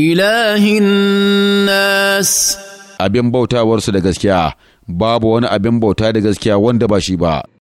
ilahin nas abin bautawarsu da gaskiya babu wani abin bauta da gaskiya wanda ba shi ba